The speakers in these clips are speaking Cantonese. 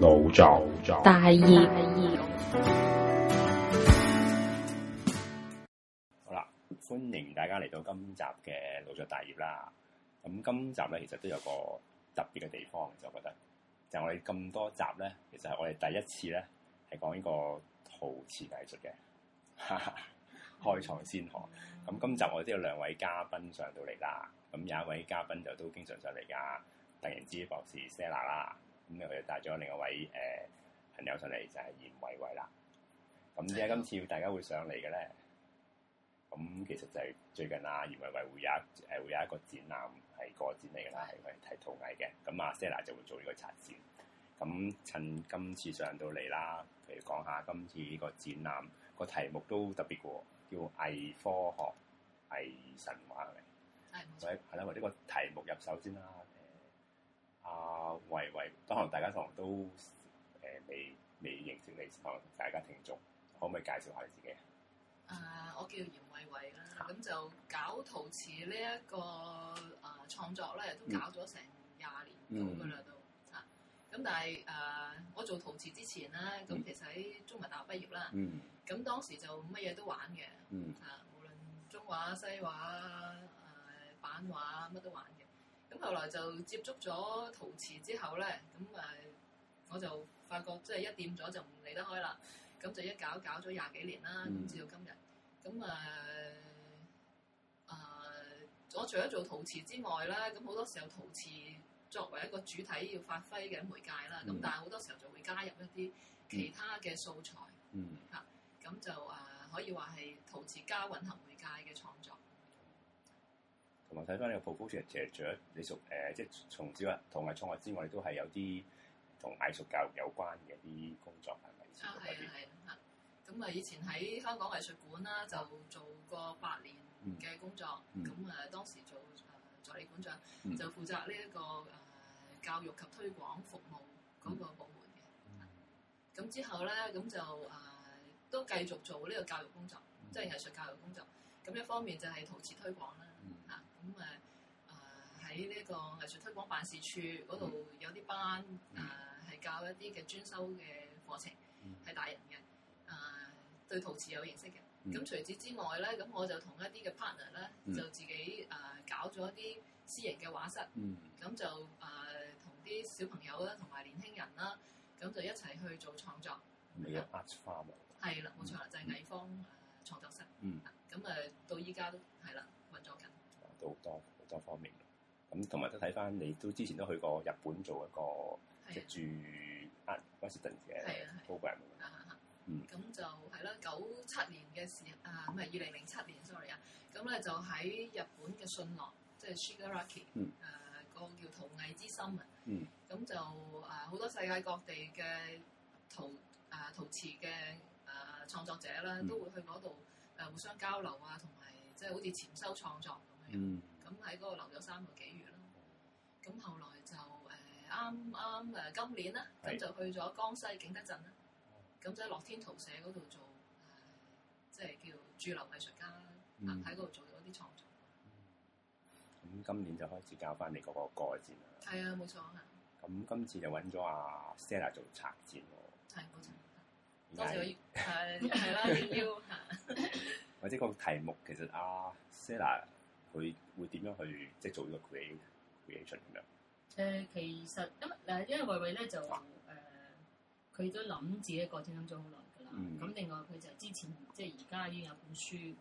老作大業葉葉好啦，歡迎大家嚟到今集嘅老作大業啦。咁今集咧其實都有個特別嘅地方，其實我覺得，就我哋咁多集咧，其實係我哋第一次咧係講呢個陶瓷藝術嘅， 開創先河。咁今集我都有兩位嘉賓上到嚟啦，咁有一位嘉賓就都經常上嚟噶，鄧賢之博士 Sir 啦。咁咧佢就帶咗另外位誒朋友上嚟，就係嚴惠蕙啦。咁點解今次要大家會上嚟嘅咧？咁其實就係最近啊，嚴惠蕙會有一誒會有一個展覽，係個展嚟嘅啦，係佢係陶藝嘅。咁阿 s e n a 就會做呢個策展。咁趁今次上到嚟啦，譬如講下今次呢個展覽個題目都特別喎，叫《僞科學，偽神話》嚟。係。咁係啦，或者個題目入手先啦。啊，阿惠蕙，可能大家可能都誒、呃、未未認識你，可能大家聽眾，可唔可以介紹下你自己？啊、呃，我叫嚴惠蕙啦，咁就搞陶瓷呢、這、一個啊、呃、創作咧，都搞咗成廿年到噶啦都，啊咁、嗯、但係啊、呃、我做陶瓷之前咧，咁其實喺中文大學畢業啦，咁、嗯、當時就乜嘢都玩嘅，啊、嗯、無論中畫西畫啊、呃、版畫乜都玩嘅。咁後來就接觸咗陶瓷之後咧，咁誒我就發覺即係一掂咗就唔離得開啦。咁就一搞搞咗廿幾年啦，嗯、直到今日。咁誒誒，我除咗做陶瓷之外啦，咁好多時候陶瓷作為一個主體要發揮嘅媒介啦。咁、嗯、但係好多時候就會加入一啲其他嘅素材。嗯。嚇、啊，咁就誒、啊、可以話係陶瓷加混合媒介嘅創作。睇翻你個 proposal 其實除咗你熟誒，即、呃、係、就是、從小啊，同埋創作之外，之外都係有啲同藝術教育有關嘅啲工作係咪先啊？係係咁啊，以前喺香港藝術館啦，就做過八年嘅工作，咁啊、嗯，當時做、呃、助理館長，嗯、就負責呢、這、一個誒、呃、教育及推廣服務嗰個部門嘅。咁、嗯嗯、之後咧，咁就誒、呃、都繼續做呢個教育工作，即、就、係、是、藝術教育工作。咁一方面就係陶瓷推廣啦。咁誒誒喺呢個藝術推廣辦事處度有啲班誒係教一啲嘅專修嘅課程，係大人嘅誒對陶瓷有認識嘅。咁除此之外咧，咁我就同一啲嘅 partner 咧，就自己誒搞咗一啲私營嘅畫室，咁就誒同啲小朋友啦，同埋年輕人啦，咁就一齊去做創作。你有阿花喎？係啦，冇錯啦，就係藝方創作室。嗯。咁誒到依家都係啦，運作緊。好多好多方面咯，咁同埋都睇翻你都之前都去過日本做一個，即係駐 artist 嘅 program，嗯咁就係啦。九七年嘅時啊，唔係二零零七年,啊年，sorry 啊。咁咧就喺日本嘅信樂，即係 Shigaraki，誒個叫陶藝之森、嗯、啊。嗯，咁就誒好多世界各地嘅陶誒、啊、陶瓷嘅誒創作者啦，都會去嗰度誒互相交流啊，同埋即係好似潛修創作。嗯，咁喺嗰度留咗三個幾月啦。咁後來就誒啱啱誒今年啦，咁就去咗江西景德鎮啦。咁就喺樂天陶社嗰度做，呃、即係叫駐留藝術家，喺嗰度做咗啲創作。咁、嗯嗯、今年就開始教翻你嗰個蓋展啦。係啊，冇錯啊。咁今次就揾咗阿 Senna 做策展喎。係、啊、在我策展，都係係啦，U 下或者個題目其實阿 Senna。啊 Stella 佢會點樣去即係做呢個 creation 嘅？誒、呃，其實因為誒，因為惠蕙咧就誒，佢、啊呃、都諗自己一個展覽諗咗好耐㗎啦。咁、嗯、另外佢就之前即係而家已經有本書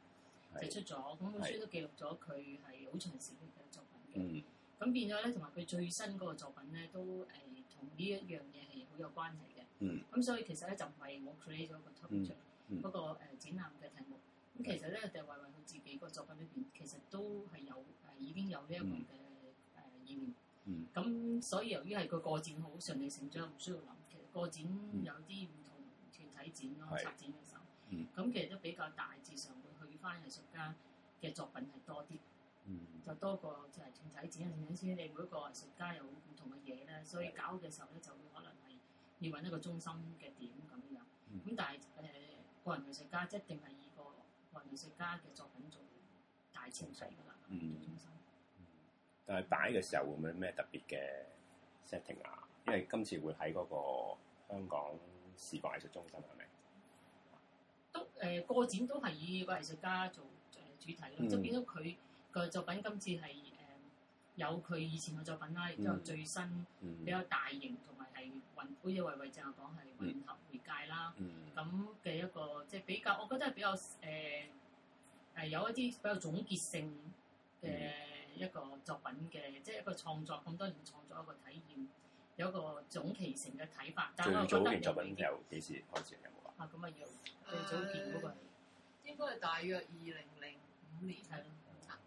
就出咗，咁是本書都記錄咗佢係好長時間嘅作品嘅。咁、嗯、變咗咧，同埋佢最新嗰個作品咧都誒，同、呃、呢一樣嘢係好有關係嘅。咁、嗯、所以其實咧就唔係我 create 咗個 topic 出、er, 嗯，不、嗯呃、展覽嘅題目。其實咧，就係為為佢自己個作品裏邊，其實都係有誒、呃、已經有呢一個嘅誒意念。咁、嗯嗯啊、所以由於係個個展好順理成章，唔需要諗。其實個展有啲唔同團體展咯，策展嘅時候，咁、嗯嗯、其實都比較大致上會去返藝術家嘅作品係多啲，嗯、就多過就係團體展。你、嗯啊、每一個藝術家有唔同嘅嘢咧，所以搞嘅時候咧就會可能係要揾一個中心嘅點咁樣。咁、嗯嗯嗯嗯嗯嗯嗯、但係誒、呃、個人藝術家，人家一定係藝術家嘅作品做大清洗㗎啦，藝術中心。嗯中心嗯、但係擺嘅時候會唔會咩特別嘅 setting 啊？因為今次會喺嗰個香港視覺藝術中心係咪？都誒個、呃、展都係以個藝術家做誒、呃、主題咯，嗯、就係變咗佢個作品今次係誒、呃、有佢以前嘅作品啦，亦都有最新、嗯嗯、比較大型。雲好似為維正講係融合媒介啦。咁嘅、嗯、一個即係比較，我覺得係比較誒係、呃呃、有一啲比較總結性嘅一個作品嘅，即係一個創作咁多年創作一個體驗，有一個總其成嘅睇法。但我覺得最早嘅作品由幾時開始有冇啊？啊咁啊要最早片嗰個應該係大約二零零五年係咯，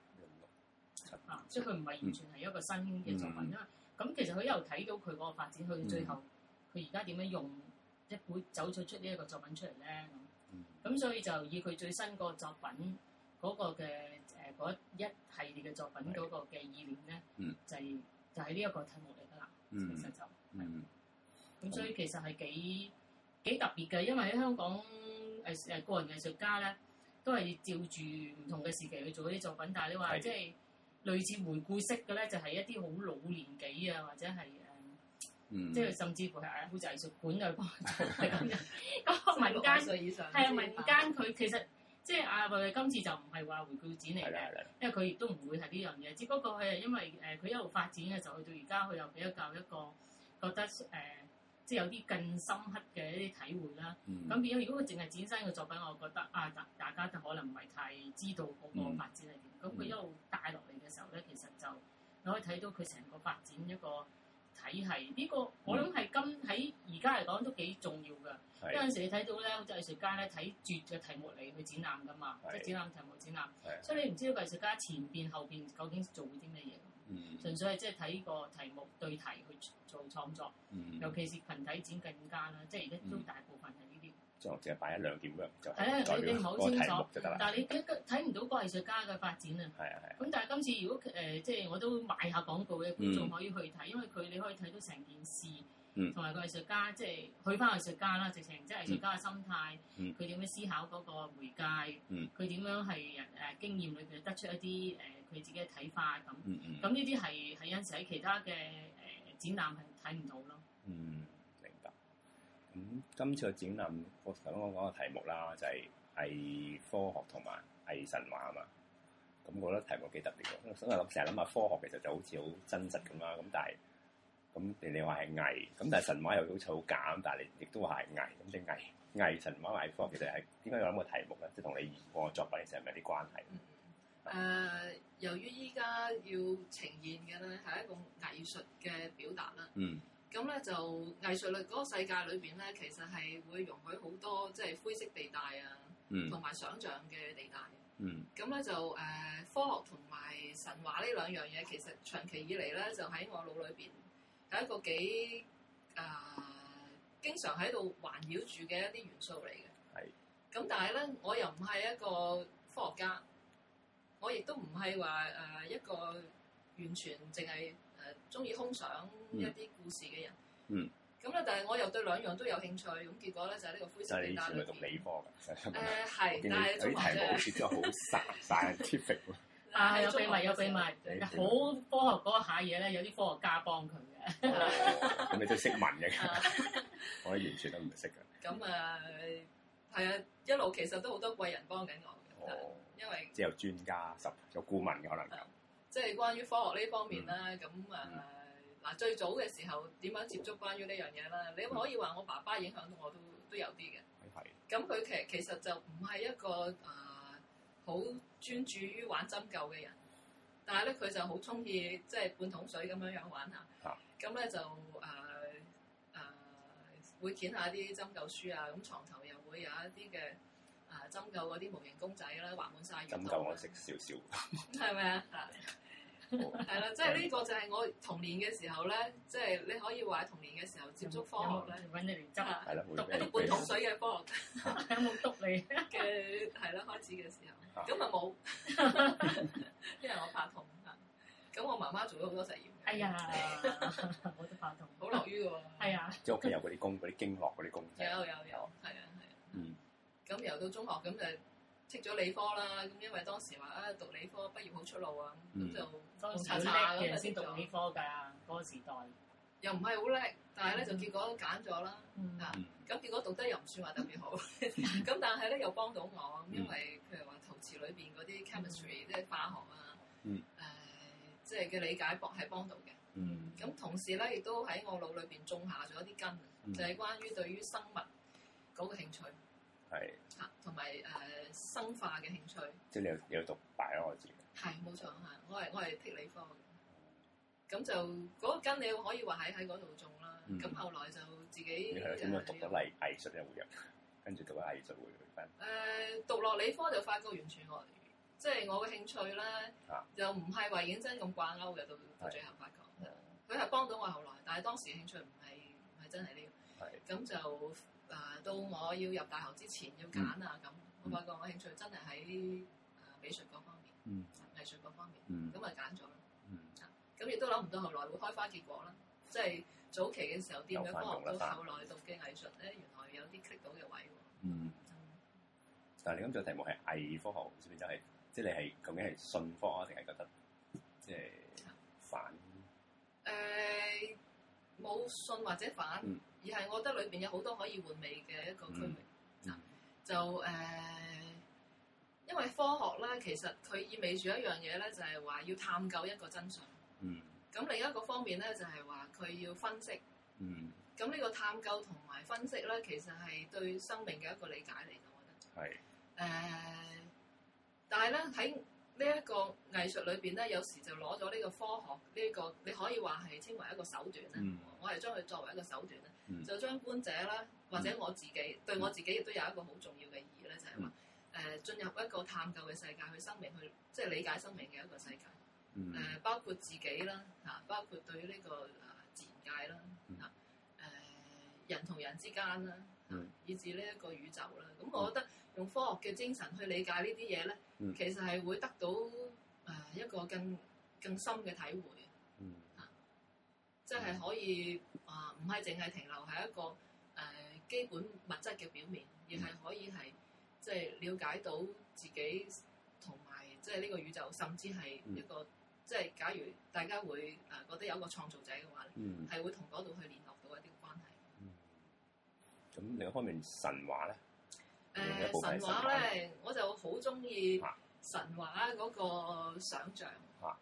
七啊了，即係佢唔係完全係一個新興嘅作品，因為。咁其實佢又睇到佢嗰個發展，去到最後佢而家點樣用一本走咗出呢一個作品出嚟咧？咁咁、嗯、所以就以佢最新個作品嗰、嗰個嘅誒、呃、一系列嘅作品嗰是個嘅意念咧、嗯就是，就係就係呢一個題目嚟噶啦。嗯、其實就咁，嗯、所以其實係幾幾特別嘅，因為喺香港藝術誒個人藝術家咧，都係照住唔同嘅時期去做啲作品，但係你話即係。類似回顧式嘅咧，就係、是、一啲好老年紀啊，或者係誒，即、嗯、係、嗯、甚至乎係啊，好似藝術館嘅咁樣， 個民間係啊，民間佢其實即係、就是、啊，佢今次就唔係話回顧展嚟嘅，因為佢亦都唔會係呢樣嘢，只不過佢係因為誒，佢、呃、一路發展嘅時候，去到而家佢又比較一個覺得誒。呃即係有啲更深刻嘅一啲體會啦。咁變咗，如果佢淨係展示一個作品，我覺得啊，大大家都可能唔係太知道嗰個發展係點。咁佢、嗯、一路帶落嚟嘅時候咧，其實就你可以睇到佢成個發展一個體系。呢、這個我諗係今喺而家嚟講都幾重要㗎。是有陣時你睇到咧，好多藝術家咧睇絕嘅題目嚟去展覽㗎嘛，是即係展覽題目展覽，是所以你唔知道藝術家前邊後邊究竟做啲咩嘢。嗯，純粹係即係睇個題目對題去做創作，嗯、尤其是群體展更加啦，即係而家都大部分係呢啲，就淨係擺一兩點嘅，就係啊，你唔好清楚，但係你睇唔到個藝術家嘅發展啊。係啊，係咁。但係今次如果誒、呃、即係我都賣下廣告嘅，仲可以去睇，嗯、因為佢你可以睇到成件事，同埋、嗯、個藝術家即係佢翻藝術家啦，直情即係藝術家嘅心態，佢點樣思考嗰個媒介，佢點樣係誒經驗裏邊得出一啲誒。呃佢自己嘅睇法咁，咁呢啲係喺有陣時喺其他嘅誒、呃、展覽係睇唔到咯。嗯，明白。咁、嗯、今次嘅展覽，我頭先我講嘅題目啦，就係、是、偽科學同埋偽神話啊嘛。咁、嗯、我覺得題目幾特別，因為成成日諗下科學其實就好似好真實咁啦。咁但係咁、嗯、你你話係偽，咁但係神話又好似好假，咁但係亦都係偽。咁即偽偽神話偽科學其實係點解要諗個題目咧？即係同你個作品嘅時候有啲關係。嗯。誒、呃，由於依家要呈現嘅咧係一個藝術嘅表達啦，咁咧、嗯、就藝術咧嗰個世界裏邊咧，其實係會容許好多即係灰色地帶啊，同埋、嗯、想像嘅地帶。咁咧、嗯、就誒、呃，科學同埋神話呢兩樣嘢，其實長期以嚟咧，就喺我腦裏邊係一個幾誒、呃、經常喺度環繞住嘅一啲元素嚟嘅。係咁是，但係咧，我又唔係一個科學家。我亦都唔係話誒一個完全淨係誒中意空想一啲故事嘅人，咁咧、嗯，嗯、但係我又對兩樣都有興趣，咁結果咧就係呢個灰色嘅答案。你係咪讀理科㗎？誒係，但係啲題目好似真係好曬，但係 typical 但係有秘密，有秘密，好科學嗰下嘢咧，有啲科學家幫佢嘅。咁、 哦、你都識問嘅， 我完全都唔識嘅。咁誒係啊，一路、啊、其實都好多貴人幫緊我。因為即係有專家、十有顧問嘅可能咁，即係、就是、關於科學呢方面啦，咁誒嗱最早嘅時候點樣接觸關於呢樣嘢啦？嗯、你可以話我爸爸影響到我都都有啲嘅，係咁佢其實其實就唔係一個誒好專注於玩針灸嘅人，但係咧佢就好中意即係半桶水咁樣樣玩下，咁咧、啊、就誒誒、呃呃、會揀下啲針灸書啊，咁床頭又會有一啲嘅。針灸嗰啲模型公仔啦，畫滿晒藥。針灸我識少少。係咪啊？係啦，即係呢個就係我童年嘅時候咧，即係你可以話喺童年嘅時候接觸科學咧，揾啲亂執，係啦，一啲半桶水嘅科學，有冇督你嘅係啦？開始嘅時候，咁啊冇，因為我怕痛。咁我媽媽做咗好多實驗。哎呀，我都怕痛，好樂於㗎喎。係啊，即係屋企有嗰啲公，嗰啲經絡嗰啲公仔。有有有，係啊係啊。嗯。咁由到中學咁就識咗理科啦。咁因為當時話啊，讀理科畢業好出路啊，咁就好襯下咁就。當時好叻，其實先讀理科㗎嗰個時代，又唔係好叻，但係咧就結果都揀咗啦。啊，咁結果讀得又唔算話特別好，咁但係咧又幫到我，因為譬如話陶瓷裏邊嗰啲 chemistry，即係化學啊，誒，即係嘅理解博係幫到嘅。咁同時咧亦都喺我腦裏邊種下咗啲根，就係關於對於生物嗰個興趣。係嚇，同埋誒生化嘅興趣。即係你有你有讀擺喺我自己。係冇錯嚇，我係我係讀理科。咁就嗰根你可以話喺喺嗰度種啦。咁後來就自己誒讀咗藝藝術又入，跟住讀咗藝術回翻。誒讀落理科就發覺完全我，即係我嘅興趣咧，就唔係話認真咁掛鈎嘅。到最後發覺，佢係幫到我後來，但係當時興趣唔係唔係真係呢個。係咁就。啊，到我要入大學之前要揀啊，咁、嗯、我發覺我興趣真係喺啊美術各方面，嗯、藝術各方面，咁咪揀咗。咁亦都諗唔到後來會開花結果啦，即、就、係、是、早期嘅時候點樣碰到科學同後來讀嘅藝術咧，原來有啲 click 到嘅位。嗯。就嗯但係你今集題目係偽科學，唔知邊度係，即係、就是就是、你係究竟係信科、就是、啊，定係覺得即係反？誒，冇信或者反。嗯而係我覺得裏邊有好多可以換味嘅一個區域，嗯嗯、就誒、呃，因為科學咧，其實佢意味住一樣嘢咧，就係、是、話要探究一個真相。嗯。咁另一個方面咧，就係話佢要分析。嗯。咁呢個探究同埋分析咧，其實係對生命嘅一個理解嚟嘅，我覺得。係是。誒、呃，但係咧喺。呢一個藝術裏邊咧，有時就攞咗呢個科學呢、這個，你可以話係稱為一個手段咧。嗯、我係將佢作為一個手段咧，嗯、就將觀者啦，或者我自己、嗯、對我自己亦都有一個好重要嘅意義咧，就係話誒進入一個探究嘅世界去生命去，即、就、係、是、理解生命嘅一個世界。誒、嗯呃、包括自己啦，嚇、啊、包括對呢、這個誒、啊、自然界啦，嚇、啊、誒、呃、人同人之間啦、啊，以至呢一個宇宙啦，咁我覺得，用科學嘅精神去理解呢啲嘢咧，嗯、其實係會得到誒、呃、一個更更深嘅體會，嚇、嗯啊，即係可以啊，唔係淨係停留喺一個誒、呃、基本物質嘅表面，而係可以係即係了解到自己同埋即係呢個宇宙，甚至係一個、嗯、即係假如大家會誒、呃、覺得有一個創造者嘅話，係、嗯、會同嗰度去聯絡到一啲關係。咁、嗯、另一方面神話咧？誒、呃、神話咧，我就好中意神話嗰個想像。咁、啊、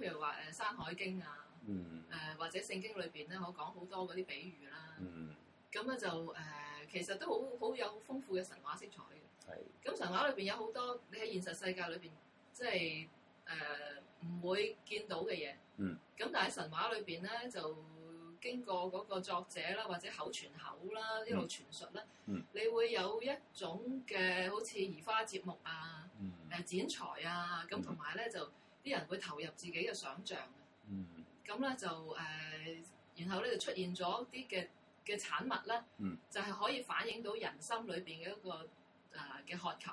譬如話誒、呃《山海經》啊，誒、嗯呃、或者《聖經》裏邊咧，我講好多嗰啲比喻啦。咁咧、嗯、就誒、呃，其實都好好有豐富嘅神話色彩嘅。係、咁神話裏邊有好多你喺現實世界裏邊即係誒唔會見到嘅嘢。咁、嗯、但係神話裏邊咧就。經過嗰個作者啦，或者口傳口啦，一路傳述啦，mm hmm. 你會有一種嘅好似移花接木啊，誒、mm hmm. 呃、剪裁啊，咁同埋咧就啲人會投入自己嘅想像，咁咧、mm hmm. 就誒、呃，然後咧就出現咗啲嘅嘅產物啦，mm hmm. 就係可以反映到人心裏邊嘅一個誒嘅、呃、渴求，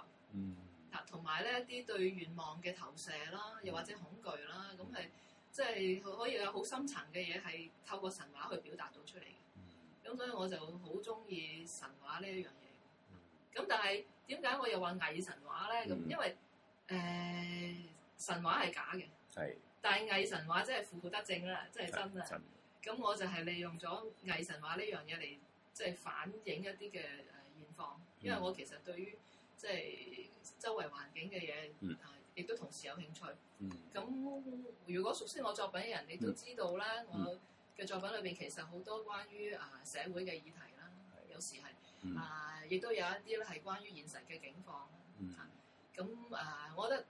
嗱同埋咧啲對願望嘅投射啦，又或者恐懼啦，咁係。即係可以有好深層嘅嘢，係透過神話去表達到出嚟嘅。咁、嗯、所以我就好中意神話呢一樣嘢。咁、嗯、但係點解我又話偽神話咧？咁因為誒神話係假嘅，但係偽神話即係負負得正啦，即係真啊。咁我就係利用咗偽神話呢樣嘢嚟，即係反映一啲嘅誒現況。因為我其實對於即係、就是、周圍環境嘅嘢。嗯亦都同時有興趣。咁如果熟悉我作品嘅人，你都知道啦，我嘅作品裏邊其實好多關於啊社會嘅議題啦，有時係啊，亦都有一啲咧係關於現實嘅境況。咁啊，我覺得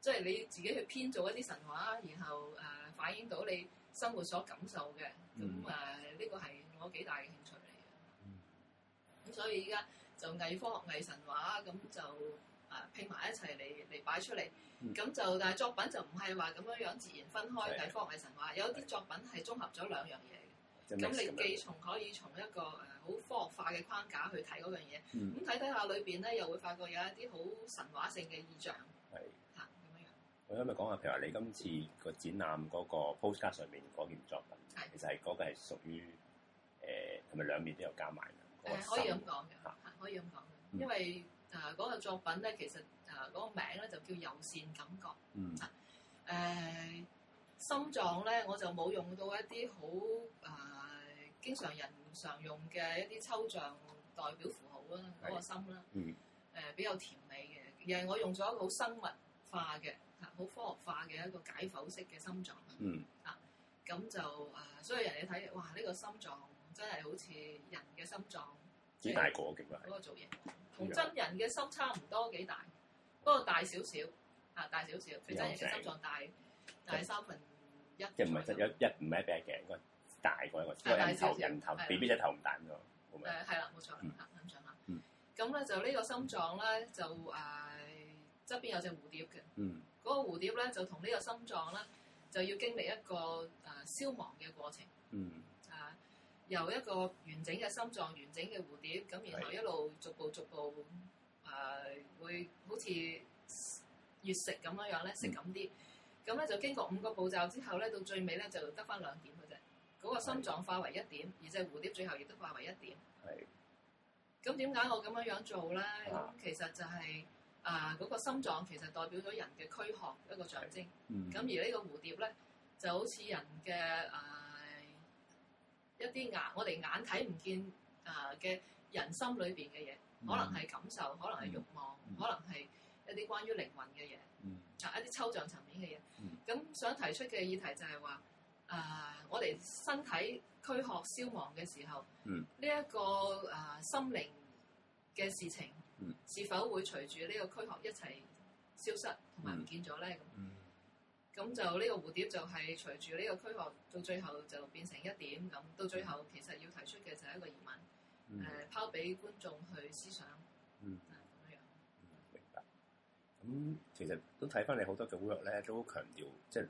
即係你自己去編造一啲神話，然後啊反映到你生活所感受嘅。咁啊，呢個係我幾大嘅興趣嚟嘅。咁所以依家就偽科學、偽神話，咁就。啊，拼埋一齊嚟嚟擺出嚟，咁就但係作品就唔係話咁樣樣自然分開睇科學係神話，有啲作品係綜合咗兩樣嘢，咁你既從可以從一個誒好科學化嘅框架去睇嗰樣嘢，咁睇睇下裏邊咧又會發覺有一啲好神話性嘅意象，嚇咁樣樣。我啱啱講下，譬如話你今次個展覽嗰個 postcard 上面嗰件作品，其實係嗰個係屬於誒，同埋兩面都有加埋，可以咁講嘅嚇，可以咁講，因為。誒嗰、呃那個作品咧，其實誒嗰、呃那個名咧就叫友善感覺。嗯。誒、呃、心臟咧，我就冇用到一啲好誒經常人常用嘅一啲抽象代表符號啦，嗰、那個心啦。嗯。誒、呃、比較甜美嘅，而係我用咗一個好生物化嘅，好、呃、科學化嘅一個解剖式嘅心臟。嗯。啊，咁就誒、呃，所以人哋睇哇，呢、這個心臟真係好似人嘅心臟，幾大有個，其實嗰個造型。同真人嘅心差唔多幾大，不過大少少，嚇、啊、大少少。比真人嘅心臟大大三分一，一，即唔係得一一唔一一頸，應大過一個人頭、啊、大小小人頭 B B 隻頭唔大嘅喎，係咪？誒係啦，冇錯。嗯。咁咧就呢個心臟咧就誒側邊有隻蝴蝶嘅，嗯。嗰個蝴蝶咧就同呢個心臟咧就要經歷一個誒消亡嘅過程，嗯。由一個完整嘅心臟、完整嘅蝴蝶，咁然後一路逐步逐步誒、呃，會好似月食咁樣、mm hmm. 樣咧，食咁啲，咁咧就經過五個步驟之後咧，到最尾咧就得返兩點嘅啫。嗰、這個心臟化為一點，mm hmm. 而隻蝴蝶最後亦都化為一點。係、mm。咁點解我咁樣樣做咧？其實就係、是、啊，嗰、呃這個心臟其實代表咗人嘅軀殼一個象徵。嗯。咁而呢個蝴蝶咧，就好似人嘅誒。一啲眼我哋眼睇唔見啊嘅人心裏邊嘅嘢，mm hmm. 可能係感受，可能係欲望，mm hmm. 可能係一啲關於靈魂嘅嘢，啊、mm hmm. 一啲抽象層面嘅嘢。咁、mm hmm. 想提出嘅議題就係話，啊、呃、我哋身體軀殼消亡嘅時候，呢、mm hmm. 一個啊、呃、心靈嘅事情，mm hmm. 是否會隨住呢個軀殼一齊消失同埋唔見咗呢？咁就呢個蝴蝶就係隨住呢個軀殼，到最後就變成一點咁。到最後其實要提出嘅就係一個疑問，誒拋俾觀眾去思想。嗯，嗯，明白。咁、嗯、其實都睇翻你好多嘅 work 咧，都強調即係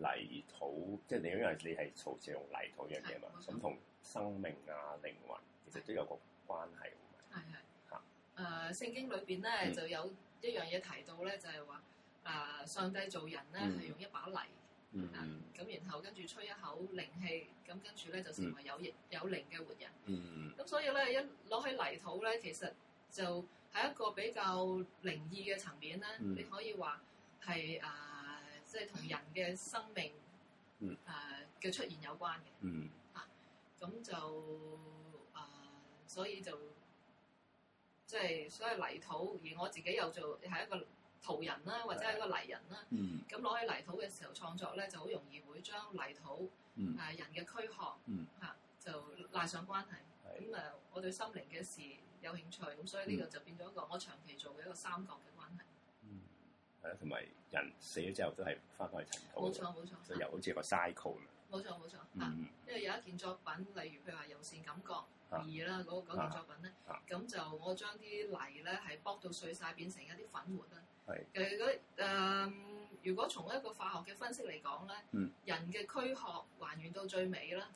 誒泥土，即係你因為你係從事用泥土一樣嘢嘛，咁同的生命啊靈、嗯、魂其實都有個關係。係係的。誒，聖的、呃、經裏邊咧就有一樣嘢提到咧，就係話。啊！上帝做人咧，係用一把泥，咁、啊、然後跟住吹一口靈氣，咁、啊、跟住咧就成為有形有靈嘅活人。咁、嗯、所以咧，一攞起泥土咧，其實就係一個比較靈異嘅層面咧。嗯、你可以話係啊，即係同人嘅生命啊嘅、嗯呃、出現有關嘅。嗯、啊，咁就啊、呃，所以就即係、就是、所謂泥土，而我自己又做係一個。陶人啦，或者係一個泥人啦。咁攞起泥土嘅時候，創作咧就好容易會將泥土誒人嘅軀殼嚇就拉上關係。咁誒，我對心靈嘅事有興趣，咁所以呢個就變咗一個我長期做嘅一個三角嘅關係。嗯，係啊，同埋人死咗之後都係翻返去塵土。冇錯冇錯，又好似個 cycle。冇錯冇錯啊！因為有一件作品，例如譬如話柔善感覺二啦，嗰件作品咧，咁就我將啲泥咧係剝到碎晒，變成一啲粉末啦。係，誒是如、呃、如果從一個化學嘅分析嚟講咧，嗯、人嘅軀殼還原到最尾啦，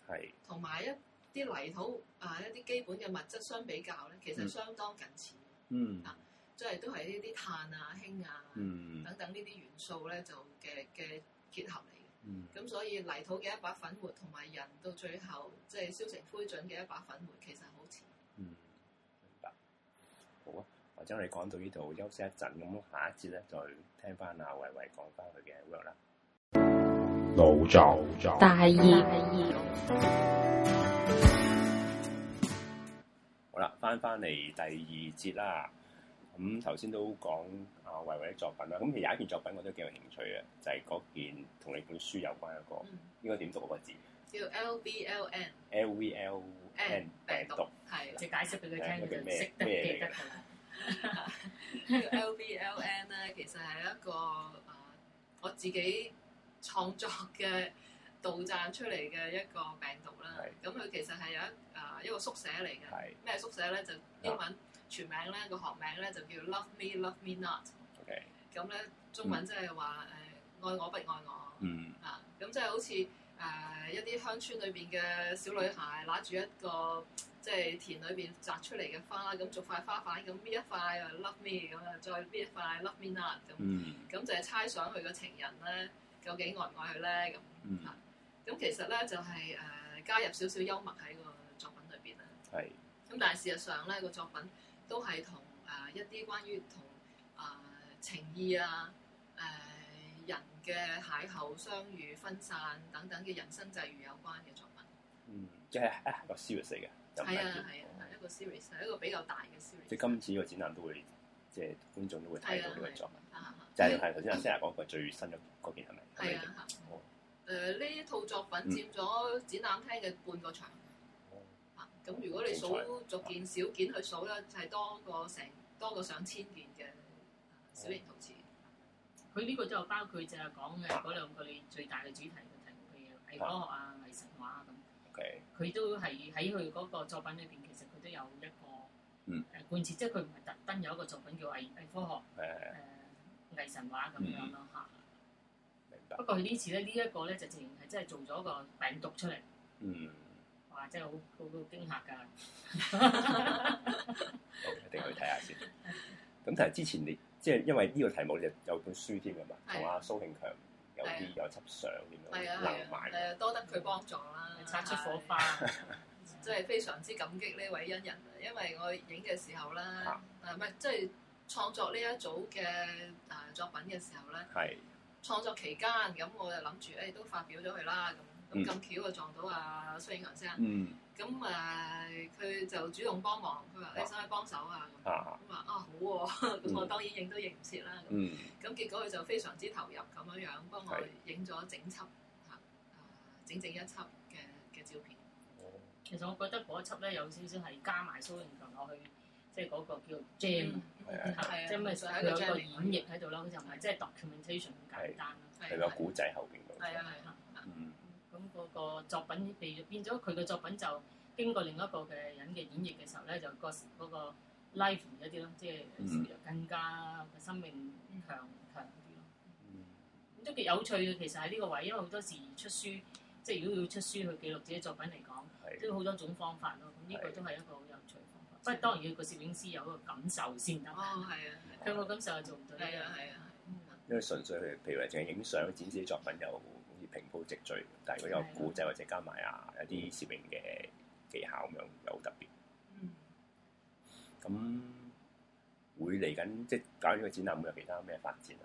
同埋是一啲泥土啊、呃，一啲基本嘅物質相比較咧，其實相當近似。嗯，啊，即、就、係、是、都係呢啲碳啊、氫啊、嗯、等等呢啲元素咧，就嘅嘅結合嚟。嘅、嗯。咁所以泥土嘅一把粉末，同埋人到最後即係、就是、燒成灰燼嘅一把粉末，其實好似。嗯，明白。好啊。我將你講到呢度休息一陣，咁下一節咧再聽翻阿維維講翻佢嘅 work 啦。老作作，大二係二。好啦，翻翻嚟第二節啦。咁頭先都講阿維維嘅作品啦，咁其實有一件作品我都幾有興趣嘅，就係嗰件同你本書有關一個，應該點讀嗰個字？叫 L B L N，L V L N。點讀係，就解釋俾佢聽，就識得呢 個 L B L N 咧，其實係一個誒我自己創作嘅杜撰出嚟嘅一個病毒啦。咁佢是其實係有一誒一個縮寫嚟嘅，咩是縮寫咧就英文全名咧個、啊、學名咧就叫 Love Me Love Me Not Okay.、嗯。咁、嗯、咧中文即係話誒愛我不愛我啊，咁即係好似。誒、uh, 一啲鄉村裏邊嘅小女孩拿住一個，即、就、係、是、田裏邊摘出嚟嘅花，咁逐塊花瓣，咁搣一塊啊 Love me，咁啊再搣一塊 Love me not，咁咁、嗯、就係猜想佢個情人咧究竟愛唔愛佢咧咁。咁、嗯啊、其實咧就係、是、誒、呃、加入少少幽默喺個作品裏邊啦。係的。咁但係事實上咧、個作品都係同誒一啲關於同誒、呃、情意啊。嘅邂逅、相遇、分散等等嘅人生際遇有關嘅作品，嗯，即係一個 series 嘅，係啊係啊，一個 series 係一個比較大嘅 series。即係今次個展覽都會，即係觀眾都會睇到呢個作品，就係係頭先阿詩雅講嗰個最新嘅嗰件係咪？係啊，誒呢一套作品佔咗展覽廳嘅半個場，咁如果你數逐件小件去數咧，就係多過成多過上千件嘅小型陶瓷。佢呢個就包括就係講嘅嗰兩句最大嘅主題嘅題目譬如《偽科學啊、偽神話啊咁。佢 Okay. 都係喺佢嗰個作品裏邊，其實佢都有一個誒貫徹，即係佢唔係特登有一個作品叫偽偽科學誒偽神話咁樣咯吓、嗯，明白。不過佢呢次咧，這個、呢就一個咧，直情係真係做咗個病毒出嚟。嗯。哇！真係好好驚嚇㗎。驚吓 好，我哋去睇下先。咁就係之前你。即係因為呢個題目，就有本書添㗎嘛，同阿蘇慶強有啲的有輯相點樣留埋，誒的多得佢幫助啦，擦出火花，真係非常之感激呢位恩人。因為我影嘅時候咧，的啊唔係即係創作呢一組嘅啊作品嘅時候咧，的創作期間咁我就諗住誒都發表咗佢啦咁。咁咁巧啊撞到阿蘇永強先生，咁誒佢就主動幫忙，佢話你使唔使幫手啊？咁，咁話啊好喎，咁我當然影都影唔切啦，咁結果佢就非常之投入咁樣樣幫我影咗整輯，啊整整一輯嘅嘅照片。哦，其實我覺得嗰一輯咧有少少係加埋蘇永強落去，即係嗰個叫 jam，即係咪所有一個演繹喺度啦？佢就唔係即係 documentation 咁簡單，係個古仔後邊嗰個。係啊，係嗰個作品被變咗，佢嘅作品就經過另一個嘅人嘅演繹嘅時候咧，就嗰時嗰個 life 一啲咯，即係更加嘅生命強強啲咯。咁都幾有趣嘅，其實喺呢個位，因為好多時出書，即係如果要出書去記錄自己作品嚟講，都好的多種方法咯。咁呢個都係一個好有趣嘅方法。的不過當然要個攝影師有個感受先得。哦，係啊，佢有感受就做唔到。係啊、哦，係啊。因為純粹係，譬如話，淨係影相展示作品又好。嗯平鋪直敍，但係如果有古仔或者加埋啊，有啲攝影嘅技巧咁樣又好特別。嗯。咁會嚟緊、嗯、即係搞呢個展覽，會有其他咩發展啊？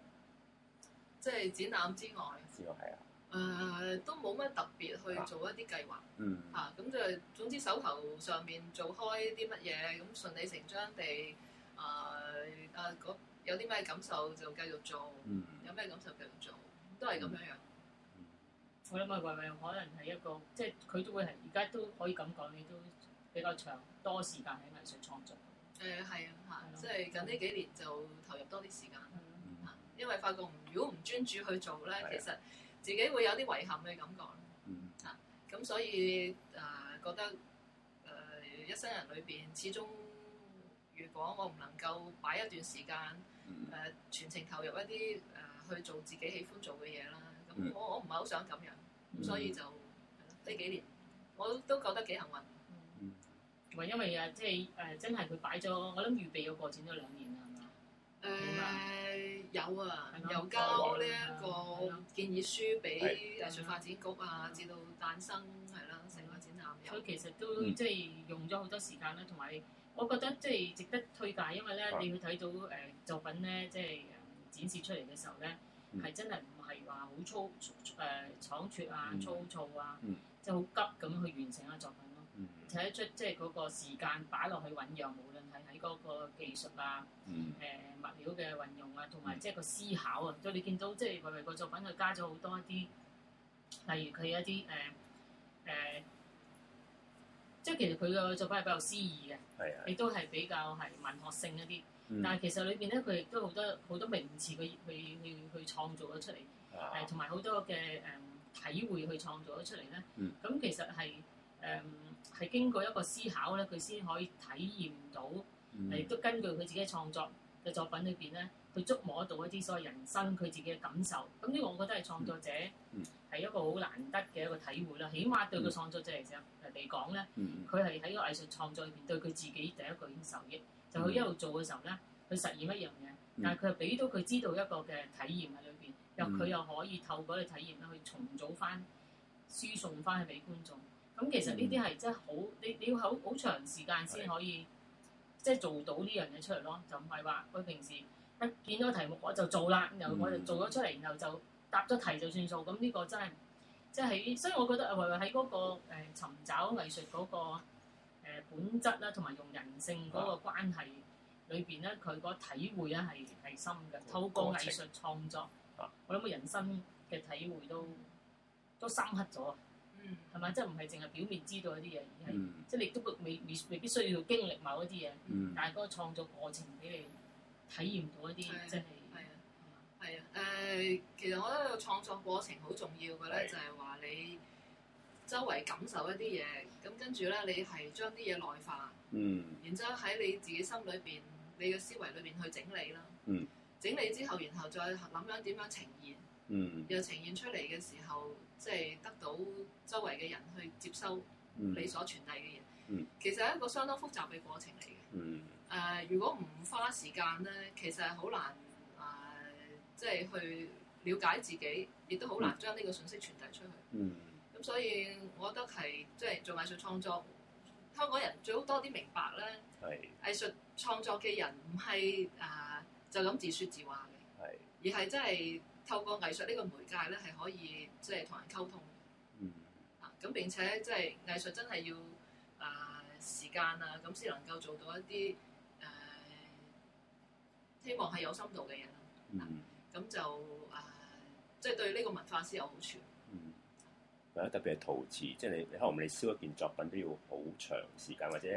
即係展覽之外之外係啊。誒、呃，都冇乜特別去做一啲計劃。嗯、啊。嚇、啊，咁就總之手頭上面做開啲乜嘢，咁順理成章地誒誒、呃啊、有啲咩感受就繼續做，嗯、有咩感受繼續做，都係咁樣樣。嗯我諗咪可能係一個，即係佢都會係而家都可以咁講，你都比較長多時間喺藝術創作。誒係、嗯、啊，嚇、啊！即係近呢幾年就投入多啲時間嚇，嗯嗯、因為發覺如果唔專注去做咧，嗯、其實自己會有啲遺憾嘅感覺。嚇咁、嗯嗯嗯、所以誒、呃、覺得誒、呃、一生人裏邊，始終如果我唔能夠擺一段時間誒、嗯嗯、全程投入一啲誒、呃、去做自己喜歡做嘅嘢啦。我我唔係好想咁樣，所以就呢幾年我都覺得幾幸運。唔係因為啊，即係誒，真係佢擺咗我諗預備嗰個展咗兩年啦，係咪啊？誒有啊，又交呢一個建議書俾藝術發展局啊，至到誕生係啦，成個展覽。佢其實都即係用咗好多時間啦，同埋我覺得即係值得推介，因為咧你去睇到誒作品咧，即係展示出嚟嘅時候咧。係真係唔係話好粗誒倉卒啊、嗯、粗糙啊，嗯、即係好急咁去完成個作品咯、啊，睇、嗯、得出即係嗰個時間擺落去醖釀，無論係喺嗰個技術啊、誒、嗯呃、物料嘅運用啊，同埋即係個思考啊，即係你見到即係為為個作品佢加咗好多一啲，例如佢一啲誒誒，即係其實佢個作品係比較詩意嘅，亦的都係比較係文學性一啲。但係其實裏邊咧，佢亦都好多好多名詞，佢去去去創造咗出嚟，誒同埋好多嘅誒、嗯、體會去創造咗出嚟咧。咁、嗯嗯、其實係誒係經過一個思考咧，佢先可以體驗到，亦、呃、都根據佢自己創作嘅作品裏邊咧，去觸摸到一啲所謂人生佢自己嘅感受。咁呢個我覺得係創作者係、嗯、一個好難得嘅一個體會啦。起碼對個創作者嚟嚟講咧，佢係喺個藝術創作裏邊對佢自己第一個已經受益。就佢一路做嘅時候咧，去實驗一樣嘢，但係佢又俾到佢知道一個嘅體驗喺裏邊，嗯、又佢又可以透過個體驗咧去重組翻、輸送翻去俾觀眾。咁其實呢啲係真係好，你你要好好長時間先可以是即係做到呢樣嘢出嚟咯。就唔係話佢平時一見到題目我就做啦，然後我就做咗出嚟，嗯、然後就答咗題就算數。咁呢個真係即係喺，所以我覺得喺嗰個誒尋找藝術嗰個。呃本質啦，同埋用人性嗰個關係裏邊咧，佢嗰體會咧係係深嘅。透過藝術創作，程我諗個人生嘅體會都都深刻咗。嗯，係咪？即係唔係淨係表面知道一啲嘢，嗯、而係即係你都未未未必需要經歷某一啲嘢，嗯、但係嗰個創作過程俾你體驗到一啲，即係係啊，係啊、就係。誒、嗯，其實我覺得個創作過程好重要嘅咧，就係、係、話你。周圍感受一啲嘢，咁跟住咧，你係將啲嘢內化，嗯、然之後喺你自己心裏邊、你嘅思維裏邊去整理啦。嗯、整理之後，然後再諗樣點樣呈現，嗯、又呈現出嚟嘅時候，即係得到周圍嘅人去接收你所傳遞嘅嘢。嗯嗯、其實係一個相當複雜嘅過程嚟嘅。誒、嗯呃，如果唔花時間咧，其實係好難誒、呃，即係去了解自己，亦都好難將呢個信息傳遞出去。嗯嗯所以，我覺得係即係做藝術創作，香港人最好多啲明白咧。是的 藝術創作嘅人唔係啊，就咁自説自話嘅，是的 而係真係透過藝術呢個媒介咧，係可以即係同人溝通。嗯、啊，咁並且即係、就是、藝術真係要啊、呃、時間啊，咁先能夠做到一啲誒、呃、希望係有深度嘅嘢啦。咁就、嗯、啊，即係、呃就是、對呢個文化先有好處。特別係陶瓷，即係你，可能你燒一件作品都要好長時間，或者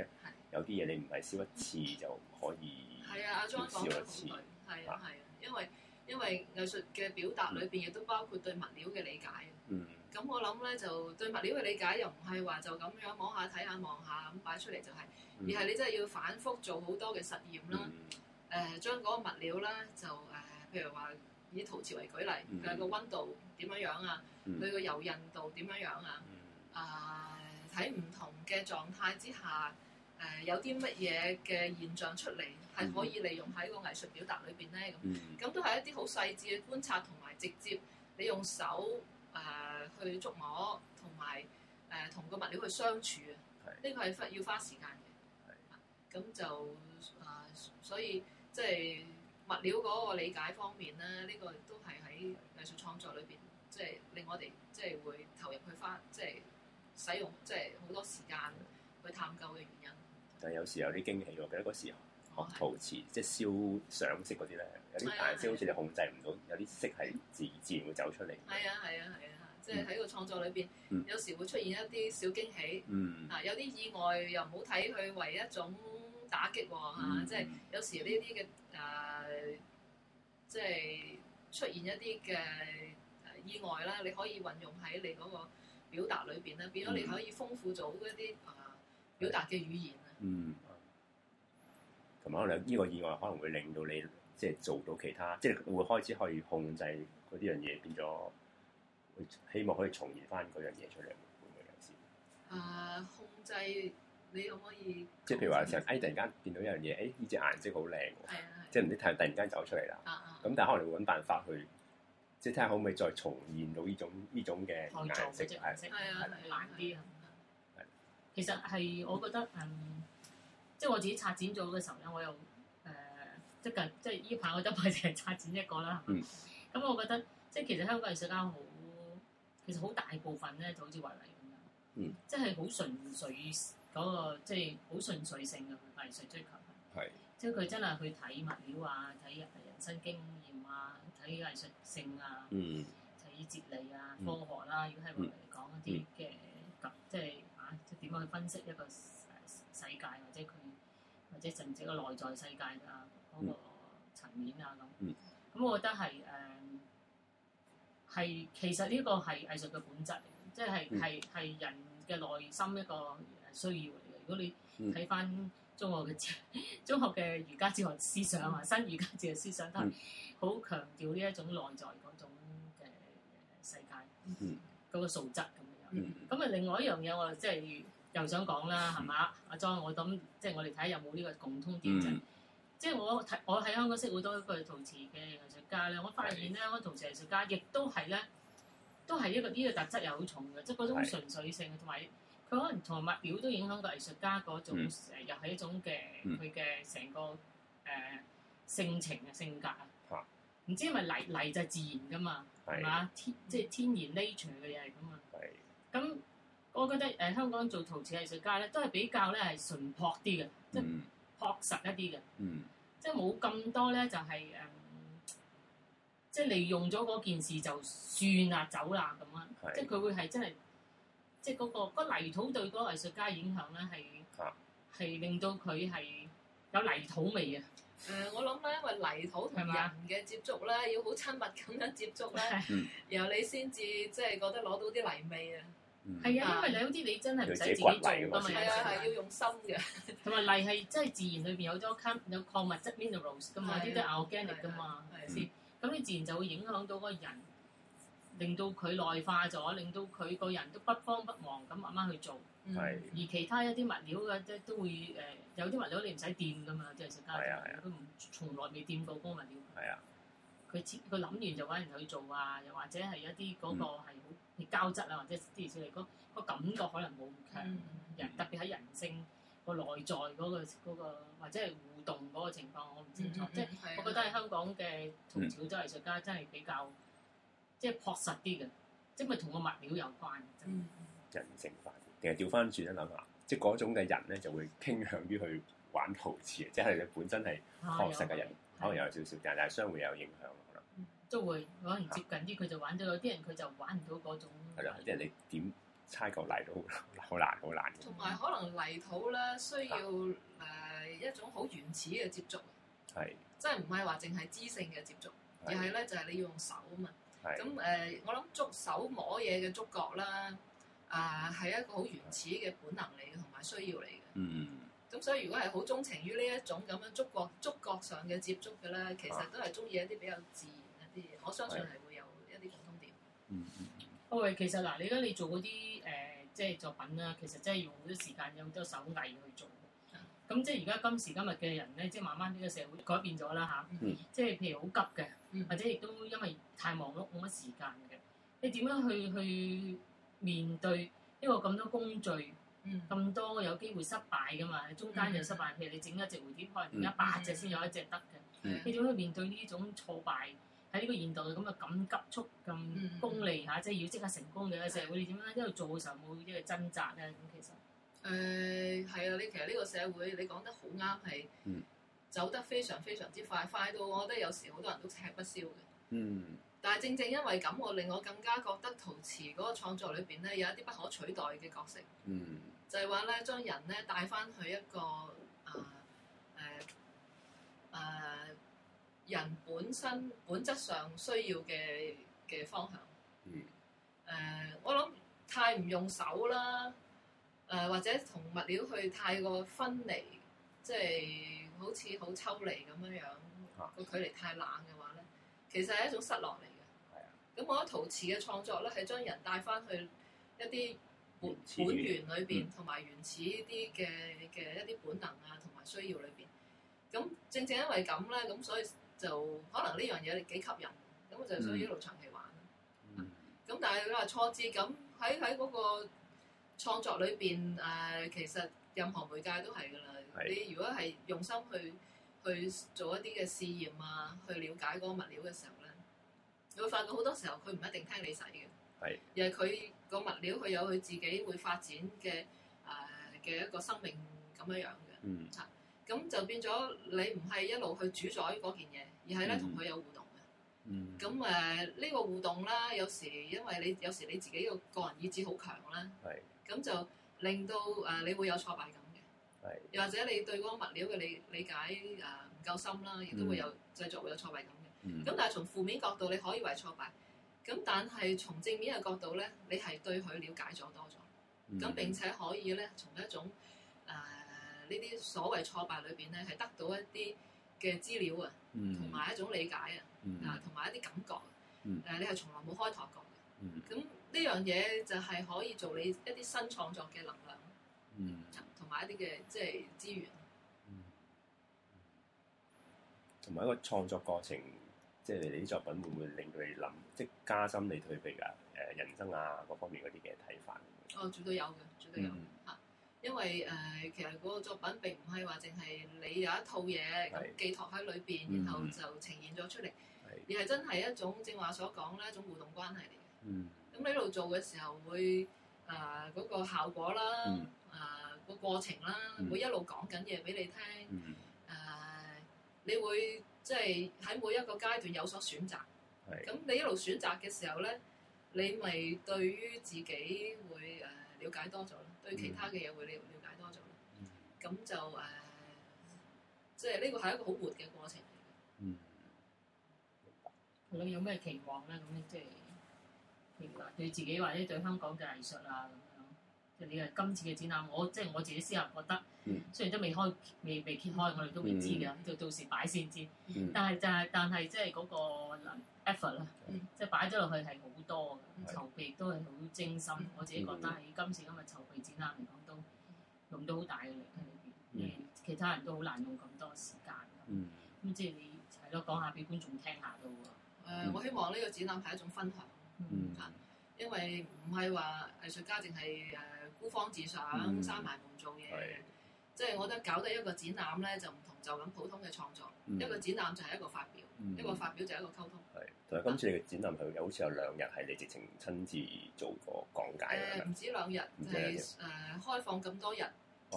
有啲嘢你唔係燒一次就可以，係啊，阿莊要燒一次，係啊係啊，因為因為藝術嘅表達裏邊亦都包括對物料嘅理解。嗯，咁我諗咧就對物料嘅理解又唔係話就咁樣摸下睇下望下咁擺出嚟就係、是，而係你真係要反覆做好多嘅實驗啦。誒、嗯呃，將嗰個物料啦，就誒、呃，譬如話以陶瓷為舉例，嘅、嗯、個温度。點樣樣啊？佢個柔韌度點樣樣啊？嗯、啊，喺唔同嘅狀態之下，誒、呃、有啲乜嘢嘅現象出嚟，係可以利用喺個藝術表達裏邊咧咁。咁、嗯嗯、都係一啲好細緻嘅觀察同埋直接你用手啊、呃、去觸摸同埋誒同個物料去相處。呢的個係花要花時間嘅。咁的就啊、呃，所以即係物料嗰個理解方面咧，呢、這個都係喺藝術創作裏邊即係令我哋即係會投入去翻，即係使，使用即係好多時間去探究嘅原因。但係有時有啲驚喜喎，我記得個時候，陶瓷、啊、即係燒上色嗰啲咧，啊、有啲顏色好似你控制唔到，啊、有啲色係自自然會走出嚟。係啊，係啊，係啊，即係喺個創作裏邊，嗯、有時會出現一啲小驚喜。嗯、啊，有啲意外又唔好睇佢為一種打擊喎嚇，即係有時呢啲嘅誒，即、啊、係、即係、出現一啲嘅。意外啦，你可以運用喺你嗰個表達裏邊啦，變咗你可以豐富咗嗰啲啊表達嘅語言、um，嗯、啊。嗯，同埋可能呢個意外可能會令到你即係、嗯、做到其他，即係會開始可以控制嗰啲樣嘢，變咗希望可以重現翻嗰樣嘢出嚟，啊，控制你可唔可以？即係譬如話，成日哎突然間見到一樣嘢，哎呢隻顏色好靚，即係唔知突然間走出嚟啦。啊咁但係可能你會揾辦法去。即睇下可唔可以再重現到呢種呢種嘅顏色，係啊，冷啲啊。係，其實係我覺得誒，即係我自己拆展咗嘅時候咧，我又誒即近，即係依排我一排淨係拆展一個啦，係嘛？咁我覺得即係其實香港藝術家好，其實好大部分咧就好似華麗咁樣，即係好純粹嗰個即係好純粹性嘅藝術追求。係，即係佢真係去睇物料啊，睇人人生經驗。啊！睇藝術性啊，睇、嗯、哲理啊，科學啦、啊。如果係我哋講一啲嘅咁，即係啊，點樣去分析一個、啊、世界，或者佢或者甚至個內在世界啊嗰個層面啊咁。咁、嗯嗯、我覺得係誒係其實呢個係藝術嘅本質嚟嘅，即係係係人嘅內心一個需要嚟嘅。如果你睇翻、嗯、中學嘅中學嘅儒家哲學思想啊、嗯，新儒家哲學思想都係。好強調呢一種內在嗰種嘅世界嗰、嗯、個素質咁樣樣。咁啊、嗯，另外一樣嘢我即係又想講啦，係嘛、嗯、阿莊，我諗即係我哋睇下有冇呢個共通點啫。嗯、即係我睇我喺香港識好多一個陶瓷嘅藝術家咧，我發現咧，我、嗯、陶瓷藝術家亦都係咧，都係一個呢個、這個特質又好重嘅，即係嗰種純粹性同埋佢可能從物表都影響個藝術家嗰種，嗯、又係一種嘅佢嘅成個誒、呃、性情嘅性，性格啊。唔知係咪泥泥就係自然噶嘛，係是、就是、嘛？天即係天然 nature 嘅嘢係咁嘛。係。咁我覺得誒、呃、香港做陶瓷藝術家咧，都係比較咧係純朴啲嘅、嗯就是嗯，即係樸實一啲嘅。即係冇咁多咧，就係誒，即係利用咗嗰件事就算啦，走啦咁啊。即係佢會係真係，即係嗰個泥土對嗰個藝術家影響咧係，係、啊、令到佢係有泥土味嘅。誒、呃，我諗咧，因為泥土同埋人嘅接觸咧，吧要好親密咁樣接觸咧， 然後你先至即係覺得攞到啲泥味啊。係、 嗯、啊，因為你好似你真係唔使自己做嘛，係啊，係要用心嘅。同 埋泥係即係自然裏邊有咗礦，有礦物質 minerals 㗎嘛，啲都係 organic 㗎嘛，先咁你自然就會影響到個人。令到佢內化咗，令到佢個人都不慌不忙咁慢慢去做。嗯是。而其他一啲物料嘅，即都會誒、呃，有啲物料你唔使掂㗎嘛，即藝術家都唔呀從來未掂過嗰物料。係啊呀。佢佢諗完就揾人去做啊，又或者係一啲嗰個係好、嗯、膠質啊，或者之類之類嗰個感覺可能冇咁強。嗯、人特別喺人性、嗰個內在嗰、嗰個、嗰個嗰個、或者係互動嗰個情況，我唔清楚。即係、嗯嗯嗯、我覺得係香港嘅同潮州藝術家真係比較。即係樸實啲嘅，即係咪同個物料有關？人性化定係調翻轉一諗下，即係嗰種嘅人咧，就會傾向於去玩陶瓷，即係佢本身係樸實嘅人，可能有少少，但係相會有影響，可能都會可能接近啲，佢就玩到；有啲人佢就玩唔到嗰種係啦。即係你點猜個泥都好，好難，好難。同埋可能泥土咧，需要誒一種好原始嘅接觸，係即係唔係話淨係知性嘅接觸，而係咧就係你要用手啊嘛。咁誒、呃，我諗觸手摸嘢嘅觸覺啦，啊、呃，係一個好原始嘅本能嚟嘅，同埋需要嚟嘅、嗯嗯。嗯。咁、嗯、所以如果係好鍾情於呢一種咁樣觸覺觸覺上嘅接觸嘅咧，其實都係鍾意一啲比較自然一啲嘢。我相信係會有一啲共通點、嗯。嗯嗯。喂、okay, 呃呃，其實嗱，你而家你做嗰啲誒，即係作品啦，其實真係用好多時間，有好多手藝去做。咁即係而家今時今日嘅人咧，即係慢慢呢個社會改變咗啦吓，啊嗯嗯、即係譬如好急嘅，嗯、或者亦都因為太忙碌冇乜時間嘅。你點樣去去面對一個咁多工序，咁、嗯、多有機會失敗㗎嘛？中間有失敗，譬、嗯、如你整一隻蝴蝶可能一百隻先有一隻得嘅，嗯、你點樣去面對呢種挫敗？喺呢個現代咁啊咁急速咁功利嚇、啊，即係要即刻成功嘅社會你，你點樣一路做嘅時候冇呢個掙扎咧？咁、嗯嗯、其實。誒係、嗯、啊！你其實呢個社會，你講得好啱，係走得非常非常之快，快到我覺得有時好多人都吃不消嘅。嗯，但係正正因為咁，我令我更加覺得陶瓷嗰個創作裏邊咧，有一啲不可取代嘅角色。嗯，就係話咧，將人咧帶翻去一個啊誒啊人本身本質上需要嘅嘅方向。嗯。誒、呃，我諗太唔用手啦。誒或者同物料去太過分離，即係好似好抽離咁樣樣，個、啊、距離太冷嘅話咧，其實係一種失落嚟嘅。咁、啊、我覺得陶瓷嘅創作咧係將人帶翻去一啲本本源裏邊，同埋原始啲嘅嘅一啲本能啊同埋需要裏邊。咁正正因為咁咧，咁所以就可能呢樣嘢幾吸引，咁我就想一路長期玩。咁、嗯嗯啊、但係你話挫折感喺喺嗰個。創作裏邊誒，其實任何媒介都係㗎喇。是你如果係用心去去做一啲嘅試驗啊，去了解嗰個物料嘅時候咧，你會發覺好多時候佢唔一定聽你使嘅，是而係佢個物料佢有佢自己會發展嘅誒嘅一個生命咁樣樣嘅。嚇咁、嗯、就變咗你唔係一路去主宰嗰件嘢，而係咧同佢有互動嘅。咁誒呢個互動啦，有時因為你有時你，有時你自己個個人意志好強啦。是咁就令到誒、呃、你會有挫敗感嘅，又 Right. 或者你對嗰個物料嘅理理解誒唔夠深啦，亦都會有製作會有挫敗感嘅。咁、mm hmm. 但係從負面角度你可以為挫敗，咁但係從正面嘅角度咧，你係對佢了解咗多咗，咁、mm hmm. 並且可以咧從一種誒呢啲所謂挫敗裏邊咧係得到一啲嘅資料啊，同埋、mm hmm. 一種理解啊，啊同埋一啲感覺、啊，誒、mm hmm. 啊、你係從來冇開拓過嘅，咁、mm。Mm 呢樣嘢就係可以做你一啲新創作嘅能量，同埋、嗯、一啲嘅即係資源，同埋、嗯、一個創作過程。即係你啲作品會唔會令到你諗，即加深你對譬如啊誒人生啊各方面嗰啲嘅睇法？哦，絕對有嘅，絕對有嚇。嗯、因為誒、呃，其實嗰個作品並唔係話淨係你有一套嘢咁是寄託喺裏邊，然後就呈現咗出嚟，嗯、而係真係一種正話所講咧一種互動關係嚟嘅。嗯。咁喺度做嘅時候會啊嗰個效果啦，啊個過程啦，會一路講緊嘢俾你聽，誒、嗯啊、你會即係喺每一個階段有所選擇。咁是、嗯、你一路選擇嘅時候咧，你咪對於自己會誒瞭解多咗咯，對其他嘅嘢會了瞭解多咗咯。咁、嗯嗯、就誒，即係呢個係一個好活嘅過程嚟嘅。咁、嗯、有咩期望咧？咁即係。譬如話對自己或者對香港嘅藝術啊，咁樣即係你嘅今次嘅展覽，我即係我自己私下覺得，雖然都未開未未揭開，我哋都未知㗎，到到時擺先知。但係就係但係即係嗰個 effort 啦，即係擺咗落去係好多嘅籌備，都係好精心。我自己覺得喺今次今日籌備展覽嚟講，都用到好大嘅力喺裏邊，其他人都好難用咁多時間。咁即係係咯，講下俾觀眾聽下都。誒，我希望呢個展覽係一種分享。嗯嚇，嗯因為唔係話藝術家淨係誒孤芳自賞，閂埋、嗯、門做嘢，即係我覺得搞得一個展覽咧，就唔同就咁普通嘅創作，嗯、一個展覽就係一個發表，嗯、一個發表就係一個溝通。係，同埋今次你嘅展覽佢、啊、好似有兩日係你直情親自做過講解。誒、呃，唔止兩日，係、就、誒、是呃、開放咁多日。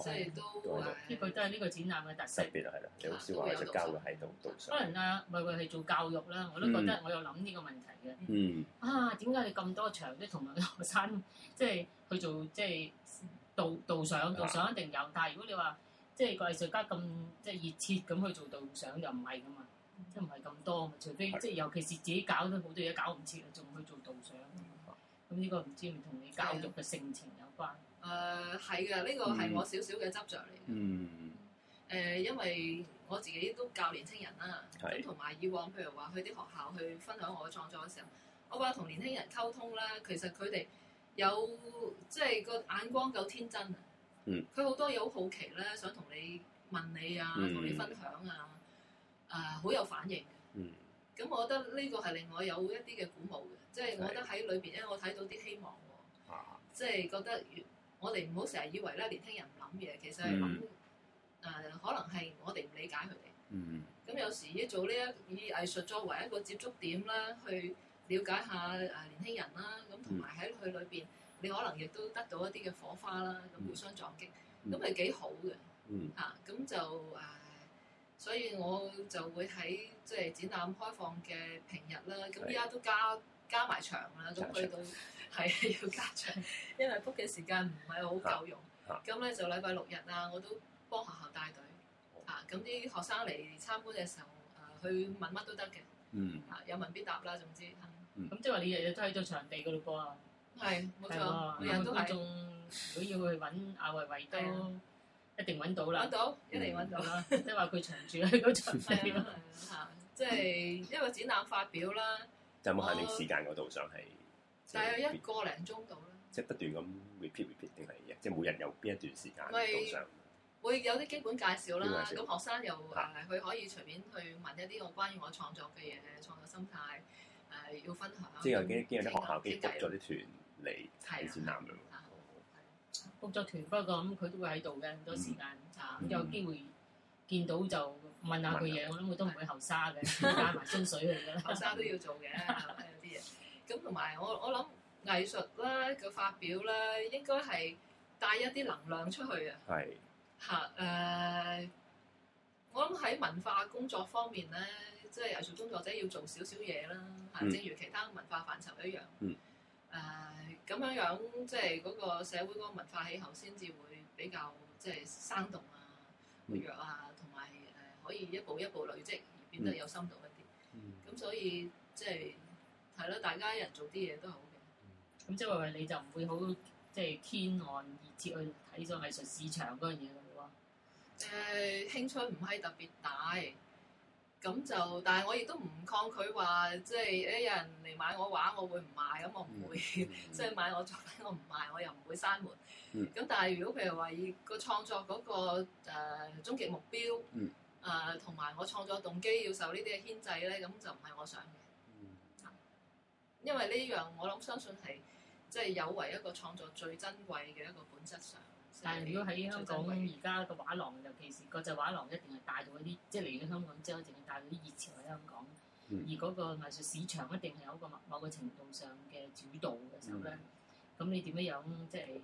即係、哦、都，即係佢都係呢個展覽嘅特色。特別係啦，你好少話做教育喺度導賞。上上可能啦、啊，咪咪係做教育啦，我都覺得我有諗呢個問題嘅。嗯。啊，點解你咁多場咧？同埋學生即係、就是、去做即係導導賞，導賞一定有。但係如果你話即係個藝術家咁即係熱切咁去做導賞，又唔係㗎嘛，即係唔係咁多。除非、嗯、即係尤其是自己搞咗好多嘢搞唔切，仲去做導賞。咁呢、嗯嗯這個唔知咪同你教育嘅性情有關？誒係嘅，呢、呃這個係我少少嘅執着嚟嘅。嗯，誒、呃，因為我自己都教年青人啦、啊，咁同埋以往譬如話去啲學校去分享我嘅創作嘅時候，我話同年輕人溝通咧，其實佢哋有即係個眼光夠天真啊。佢好、嗯、多嘢好好奇咧，想同你問你啊，同、嗯、你分享啊，啊、呃，好有反應。嗯，咁、嗯嗯、我覺得呢個係令我有一啲嘅鼓舞嘅，即係我覺得喺裏邊咧，因為我睇到啲希望喎。啊、即係覺得我哋唔好成日以為咧，年輕人唔諗嘢，其實係諗，誒、嗯呃、可能係我哋唔理解佢哋。咁有時一做呢一以藝術作為一個接觸點啦，去了解下誒年輕人啦，咁同埋喺佢裏邊，你可能亦都得到一啲嘅火花啦，咁互相撞擊，咁係幾好嘅吓。咁、嗯啊、就誒、呃，所以我就會喺即係展覽開放嘅平日啦。咁依家都加加埋場啦，咁去到。 係要加長，因為 book 嘅時間唔係好夠用，咁咧就禮拜六日啊，我都幫學校帶隊啊。咁啲學生嚟參觀嘅時候，誒去問乜都得嘅，啊有問必答啦，總之。咁即係話你日日都喺度場地嗰度過啊？係冇錯，每人都係。仲如果要去揾阿維維都一定揾到啦。揾到，一定揾到。即係話佢長住喺嗰場地，即係因為展覽發表啦。就冇限你時間嗰度上係？但係一個零鐘度啦，即係不斷咁 repeat repeat，定係即係每日有邊一段時間上？會有啲基本介紹啦，咁學生又誒，佢可以隨便去問一啲我關於我創作嘅嘢、創作心態誒，要分享。即係有啲有啲學校，跟住 group 咗啲團嚟，係專男嘅喎。工作團，不過咁佢都會喺度嘅咁多時間有機會見到就問下佢嘢，我諗我都唔會後生嘅加埋薪水去㗎啦。後生都要做嘅。咁同埋我我諗藝術啦，個發表咧應該係帶一啲能量出去啊，吓誒是，uh, 我諗喺文化工作方面咧，即係藝術工作者要做少少嘢啦，吓、嗯，正如其他文化範疇一樣，誒咁、嗯 uh, 樣樣即係嗰個社會嗰個文化氣候先至會比較即係、就是、生動啊、活躍啊，同埋誒可以一步一步累積而變得有深度一啲，咁、嗯、所以即係。就是係咯，大家一人做啲嘢都好嘅。咁即係話，嗯、你就唔會好即係 keen 咁熱切去睇咗藝術市場嗰樣嘢咯喎？誒、嗯說呃、興趣唔係特別大，咁就但係我亦都唔抗拒話，即係一、欸、有人嚟買我畫，我會唔買咁、嗯， 我唔會即係買我作品，我唔賣，我又唔會閂門。咁、嗯嗯、但係如果譬如話，個創作嗰、那個誒、呃、終極目標，誒同埋我創作動機要受呢啲嘅牽制咧，咁就唔係我想。因為呢樣我諗相信係即係有為一個創作最珍貴嘅一個本質上。但係如果喺香港而家個畫廊，尤其是國際畫廊，一定係帶到一啲，即係嚟到香港之後，一定係帶到啲熱潮喺香港。嗯、而嗰個藝術市場一定係有一個某個程度上嘅主導嘅時候咧，咁、嗯、你點樣樣即係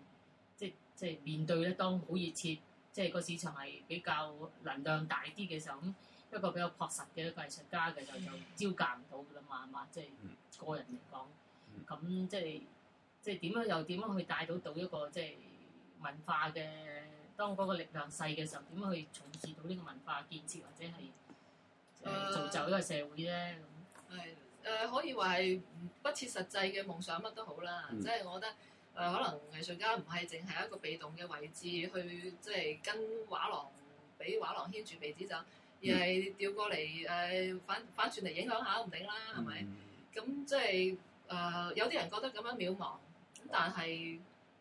即即係面對咧？當好熱切，即係個市場係比較能量大啲嘅時候咁，一個比較樸實嘅一個藝術家嘅就、嗯、就招架唔到㗎啦嘛，係嘛？即係個人嚟講，咁、嗯、即係即係點樣又點樣去帶到到一個即係文化嘅當嗰個力量細嘅時候，點樣去重視到呢個文化建設或者係造就呢個社會咧咁。係誒、啊嗯呃，可以話係不切實際嘅夢想，乜都好啦。即係、嗯、我覺得誒、呃，可能藝術家唔係淨係一個被動嘅位置，去即係跟畫廊俾畫廊牽住鼻子走。又係調過嚟，誒、呃、反反轉嚟影響下都唔定啦，係咪？咁、嗯、即係誒、呃、有啲人覺得咁樣渺茫，咁但係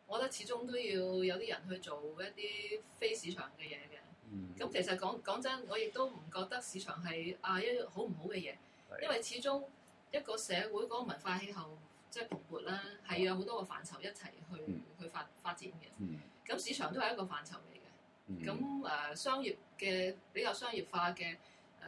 我覺得始終都要有啲人去做一啲非市場嘅嘢嘅。咁、嗯、其實講講真，我亦都唔覺得市場係啊一好唔好嘅嘢，的因為始終一個社會個文化氣候即係、就是、蓬勃啦，係有好多個範疇一齊去、嗯、去發發展嘅。咁、嗯、市場都係一個範疇嚟。咁誒、嗯嗯、商業嘅比較商業化嘅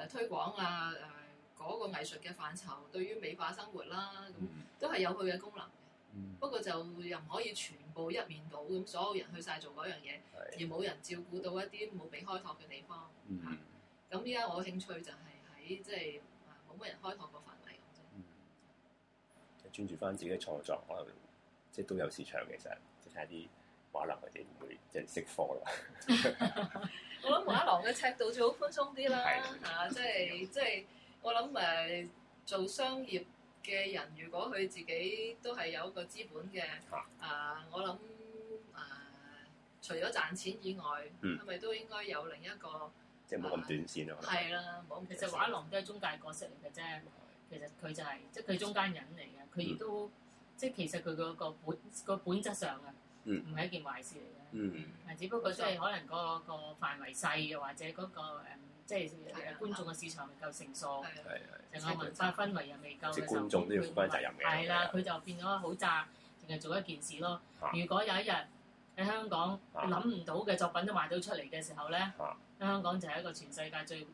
誒推廣啊誒嗰、呃嗰個藝術嘅範疇，對於美化生活啦、啊，咁、嗯嗯、都係有佢嘅功能嘅。嗯、不過就又唔可以全部一面倒，咁所有人去晒做嗰樣嘢，的而冇人照顧到一啲冇被開拓嘅地方。咁依家我興趣就係喺即係冇乜人開拓個範圍咁啫。嗯、即專注翻自己嘅創作，可能即係都有市場其實，即係睇啲。可能佢哋唔會即係識貨啦。我諗畫廊嘅尺度最好寬鬆啲啦，嚇，即係即係我諗誒做商業嘅人，如果佢自己都係有一個資本嘅，啊，我諗啊，除咗賺錢以外，係咪都應該有另一個即係冇咁短線咯？係啦，冇咁短線。其實畫廊都係中介角色嚟嘅啫。其實佢就係即係佢中間人嚟嘅，佢亦都即係其實佢嗰個本個本質上啊。唔係一件壞事嚟嘅，但係、嗯嗯、只不過即係可能嗰個範圍細，又或者嗰、嗰個誒、嗯，即係觀眾嘅市場未夠成熟，係係成個文化氛圍又未夠嘅時候，佢、嗯、就變咗好窄，淨係做一件事咯。啊、如果有一日喺香港諗唔到嘅作品都賣到出嚟嘅時候咧，啊、香港就係一個全世界最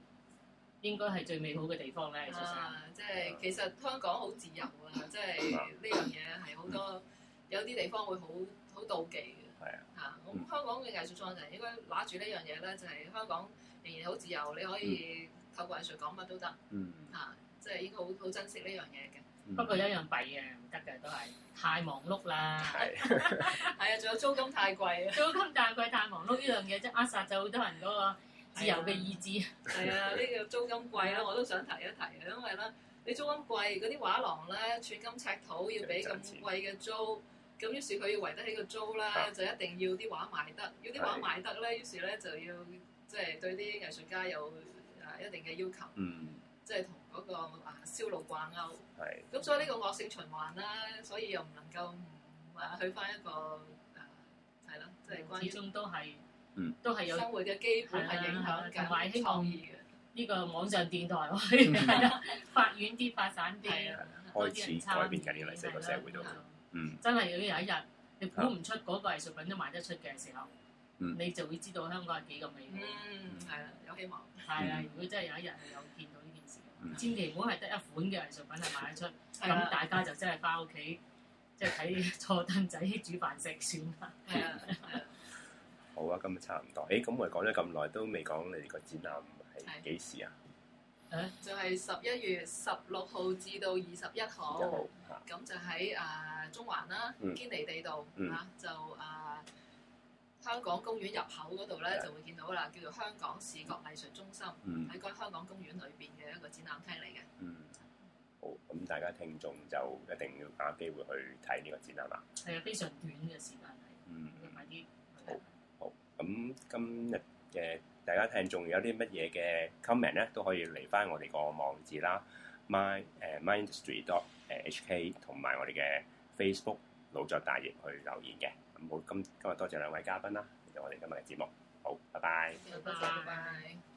應該係最美好嘅地方咧。誒、啊，即係其實香港好自由啊！即係呢樣嘢係好多有啲地方會好。好妒忌嘅，嚇！咁香港嘅藝術創作人應該拿住呢樣嘢咧，就係香港仍然好自由，嗯、你可以透過藝術講乜都得，嚇！即係應該好好珍惜呢樣嘢嘅。不過一樣弊嘅、啊，唔得嘅都係太忙碌啦。係是啊，仲 有租金太貴，租金太貴， 租金太貴太忙碌呢樣嘢，即係扼殺咗好多人嗰個自由嘅意志。係 啊，呢、呢個租金貴咧、啊，我都想提一提，因為咧你租金貴，嗰啲畫廊咧寸金尺土，要俾咁貴嘅租。咁於是佢要維得起個租啦，就一定要啲畫賣得，要啲畫賣得咧，於是咧就要即係對啲藝術家有啊一定嘅要求，即係同嗰個啊銷路掛鈎。咁所以呢個惡性循環啦，所以又唔能夠唔去翻一個啊係咯，即係始終都係，都係有生活嘅基本係影響緊創意嘅。呢個網上電台係啦，發遠啲發散啲，開始改變緊呢個成個社會都。真係如果有一日，你估唔出嗰個藝術品都賣得出嘅時候，你就會知道香港係幾咁美好。嗯，有希望。係啊，如果真係有一日係有見到呢件事，千祈唔好係得一款嘅藝術品係賣得出，咁大家就真係翻屋企即係睇坐凳仔煮飯食算啦。係啊，係啊。好啊，今日差唔多。誒，咁我哋講咗咁耐都未講，你哋個展覽係幾時啊？就係十一月十六號至到二十一號，咁就喺啊中環啦，堅尼地道嚇就啊香港公園入口嗰度咧就會見到啦，叫做香港視覺藝術中心喺個、嗯、香港公園裏邊嘅一個展覽廳嚟嘅。嗯，好，咁、嗯、大家聽眾就一定要把握機會去睇呢個展覽啦。係啊，非常短嘅時間。嗯，快啲好好咁、嗯、今日嘅。大家聽，仲有啲乜嘢嘅 comment 咧，都可以嚟翻我哋個網址啦，my 誒、uh, myindustry.hk 同埋我哋嘅 Facebook 腦作大業去留言嘅。咁好，今今日多謝兩位嘉賓啦，其實我哋今日嘅節目好，拜拜。好，拜拜。